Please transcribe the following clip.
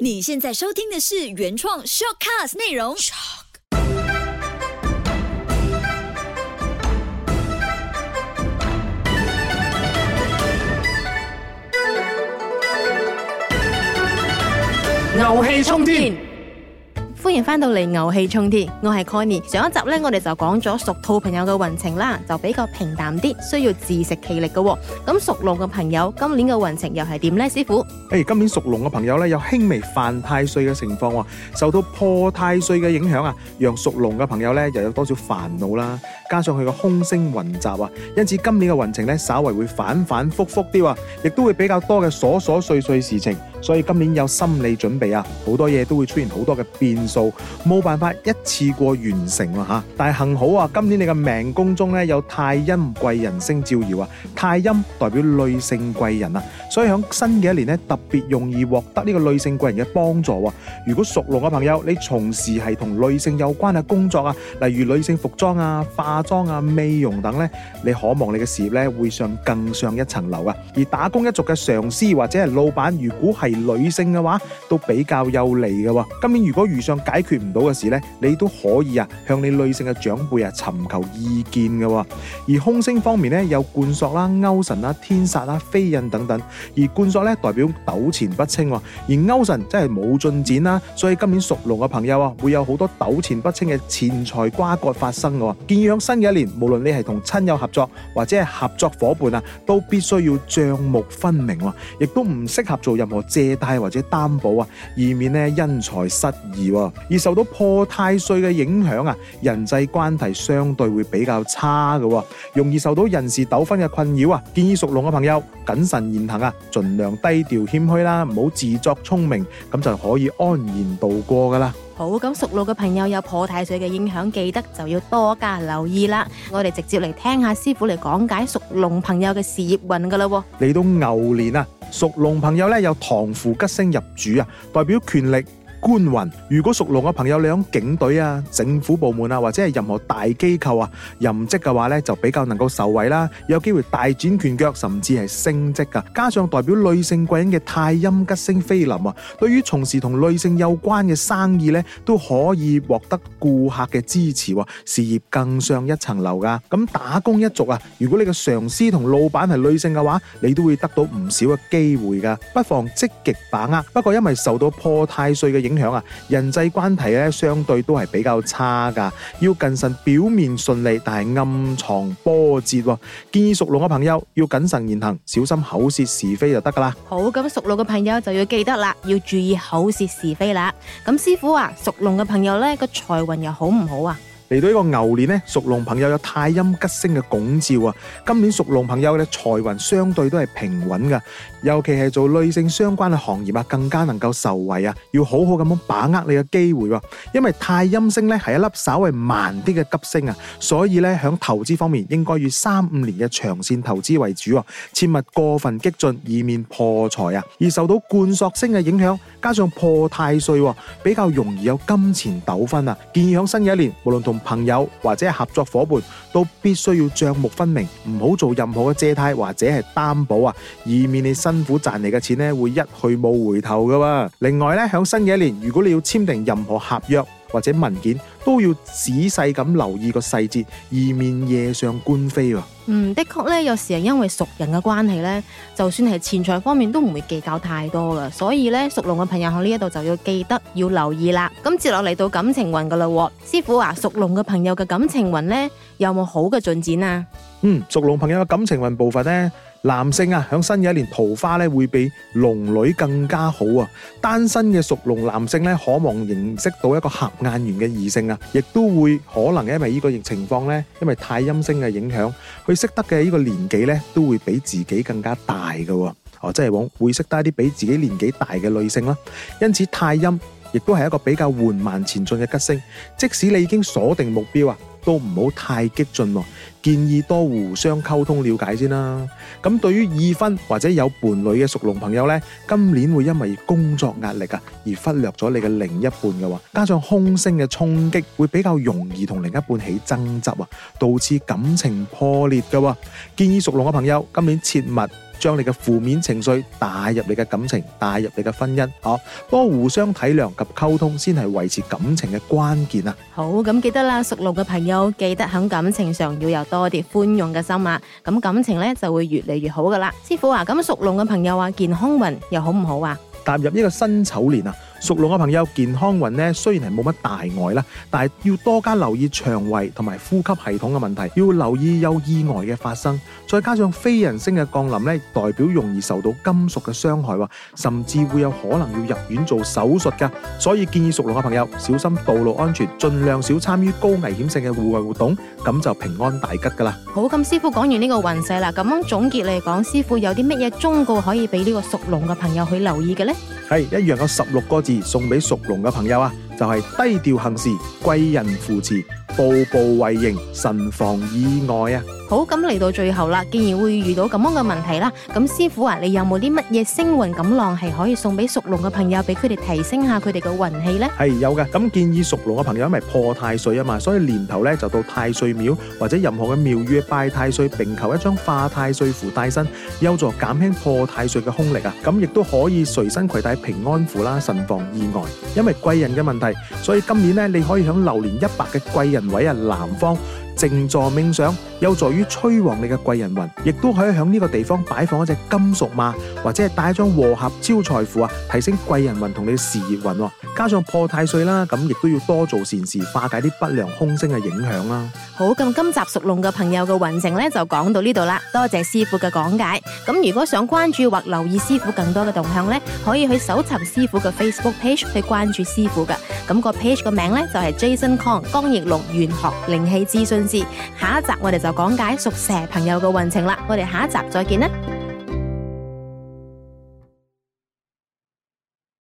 你現在收聽的是原創 shortcast 內容。牛氣沖天。歡迎翻到嚟牛氣沖天，我係 Kenny。上一集呢，我哋就講咗屬兔朋友嘅運程啦，就比較平淡啲，需要自食其力嘅。咁屬龍嘅朋友，今年嘅運程又係點呢？師傅，誒、hey，今年屬龍嘅朋友呢，有輕微犯太歲嘅情況，受到破太歲嘅影響啊，讓屬龍嘅朋友呢，又有多少煩惱啦？加上佢個空星雲集啊，因此今年嘅運程咧，稍微會反反复覆啲啊，亦都會比較多嘅瑣瑣碎碎事情，所以今年有心理準備啊，好多嘢都會出現好多嘅變數，冇辦法一次過完成吓。但係幸好啊，今年你嘅命宮中咧有太陰貴人星照耀啊，太陰代表女性貴人啊，所以響新嘅一年咧，特別容易獲得呢個女性貴人嘅幫助。如果屬龍嘅朋友，你從事係同女性有關嘅工作啊，例如女性服裝啊、化化妝啊、美容等咧，你可望你嘅事業咧會上更上一層樓啊！而打工一族嘅上司或者係老闆，如果係女性嘅話，都比較有利嘅。今年如果遇上解決唔到嘅事咧，你都可以啊向你女性嘅長輩啊尋求意見嘅。而凶星方面咧有貫索啦、勾神啦、天煞啦、飛印等等。而貫索咧代表糾纏不清，而勾神真係冇進展啦。所以今年屬龍嘅朋友啊會有好多糾纏不清嘅錢財瓜葛發生嘅。建議向新嘅一年，無論你係同親友合作或者合作夥伴啊，都必須要賬目分明，亦都唔適合做任何借貸或者擔保啊，以免呢因財失意。而受到破太歲嘅影響啊，人際關係相對會比較差嘅，容易受到人事糾紛嘅困擾啊。建議屬龍嘅朋友謹慎言行啊，盡量低調謙虛啦，唔好自作聰明，咁就可以安然度過噶啦。好咁，屬龍嘅朋友有破太歲嘅影響，記得就要多加留意啦。我哋直接嚟聽下師傅嚟講解屬龍朋友嘅事業運噶啦。嚟到牛年啊，屬龍朋友咧有唐符吉星入主啊，代表權力，官運，如果屬龍嘅朋友你響警隊啊、政府部門啊或者係任何大機構啊任職嘅話咧，就比較能夠受惠啦，有機會大展拳腳，甚至係升職噶、啊。加上代表女性貴人嘅太陰吉星飛臨啊，對於從事同女性有關嘅生意咧，都可以獲得顧客嘅支持、啊，事業更上一層樓噶。咁打工一族啊，如果你嘅上司同老闆係女性嘅話，你都會得到唔少嘅機會噶，不妨積極把握。不過因為受到破太歲嘅影響，影響啊，人際關係咧相對都係比較差噶，要謹慎。表面順利，但係暗藏波折。建議屬龍嘅朋友要謹慎言行，小心口舌是非就得噶啦。好，咁，屬龍嘅朋友就要記得啦，要注意口舌是非啦。咁師傅啊，屬龍嘅朋友咧個財運又好唔好啊？嚟到一個牛年咧，屬龍朋友有太陰吉星嘅拱照啊，今年屬龍朋友嘅財運相對都係平穩噶，尤其係做女性相關嘅行業啊，更加能夠受惠啊，要好好咁樣把握你嘅機會喎。因為太陰星咧係一粒稍為慢啲嘅吉星啊，所以咧響投資方面應該以三五年嘅長線投資為主啊，切勿過分激進，以免破財啊。而受到貫索星嘅影響，加上破太歲，比較容易有金錢糾紛啊。建議響新嘅一年，無論同朋友或者合作夥伴都必須要賬目分明，唔好做任何嘅借貸或者係擔保啊，以免你辛苦賺嚟嘅錢呢會一去冇回頭噶。另外呢，響新嘅一年，如果你要簽訂任何合約或者文件，都要仔細咁留意個細節，以免惹上官非喎。嗯，的確咧，有時係因為熟人嘅關係咧，就算係錢財方面都唔會計較太多噶。所以咧，屬龍嘅朋友喺呢一度就要記得要留意啦。咁接落嚟到感情運噶啦，師傅啊，屬龍嘅朋友嘅感情運咧有冇好嘅進展啊？嗯，屬龍朋友嘅感情運部分呢，男性啊，響新嘅一年桃花咧會比龍女更加好啊。單身嘅屬龍男性咧，渴望認識到一個合眼緣嘅異性啊。亦都會可能因為呢個疫情況呢，因為太陰星嘅影響，佢識得嘅呢個年紀呢，都會比自己更加大嘅，哦，即係往會識得一啲比自己年紀大嘅女性啦。因此，太陰亦都係一個比較緩慢前進嘅吉星，即使你已經鎖定目標啊。都唔好太激進喎，建議多互相溝通了解先啦。咁對於已婚或者有伴侶嘅屬龍朋友呢，今年會因為工作壓力啊而忽略咗你嘅另一半嘅喎，加上空星嘅衝擊，會比較容易同另一半起爭執啊，導致感情破裂嘅喎。建議屬龍嘅朋友今年切勿，將你嘅負面情緒帶入你嘅感情，帶入你嘅婚姻，多互相體諒及溝通先係維持感情嘅關鍵啊！好，咁記得啦，屬龍嘅朋友記得喺感情上要有多啲寬容嘅心啊，咁感情咧就會越嚟越好噶啦。師傅啊，咁屬龍嘅朋友啊，健康運又好唔好啊？踏入呢個辛丑年啊！屬龍嘅朋友，健康運呢雖然係冇乜大礙啦，但係要多加留意腸胃同埋呼吸系統嘅問題，要留意有意外嘅發生。再加上飛刃星嘅降臨呢，代表容易受到金屬嘅傷害，甚至會有可能要入院做手術噶。所以建議屬龍嘅朋友小心道路安全，盡量少參與高危險性嘅戶外活動，咁就平安大吉噶啦。好，咁師傅講完呢個運勢啦，咁總結嚟講，師傅有啲乜嘢忠告可以俾呢個屬龍嘅朋友去留意嘅呢？係一樣有十六個字。送畀屬龍嘅朋友啊，就係低調行事，貴人扶持。步步為營，慎防意外啊！好，咁嚟到最後啦，既然會遇到咁樣嘅問題啦，咁師傅啊，你有冇啲乜嘢星運錦囊係可以送俾屬龍嘅朋友，俾佢哋提升下佢哋嘅運氣呢？係有嘅，咁建議屬龍嘅朋友，因為破太歲啊嘛，所以年頭咧就到太歲廟或者任何嘅廟宇拜太歲，並求一張化太歲符帶身，有助減輕破太歲嘅凶力啊！咁亦都可以隨身攜帶平安符啦，慎防意外。因為貴人嘅問題，所以今年呢，你可以響流年一百嘅貴人。位啊，南方。靜坐冥想有助於催旺你嘅貴人運，亦都可以喺呢個地方擺放一隻金屬馬，或者係帶一張和合招財符啊，提升貴人運同你事業運。加上破太歲啦，咁亦都要多做善事，化解啲不良空聲嘅影響啦。好，咁今集屬龍嘅朋友嘅運程咧就講到呢度啦。多謝師傅嘅講解。咁如果想關注或留意師傅更多嘅動向咧，可以去搜尋師傅嘅 Facebook page 去關注師傅㗎。咁個 page 個名咧就係 Jason Kong 江奕龍玄學靈氣資訊。下一集我哋就講解屬蛇朋友嘅運程啦，我哋下一集再見啦。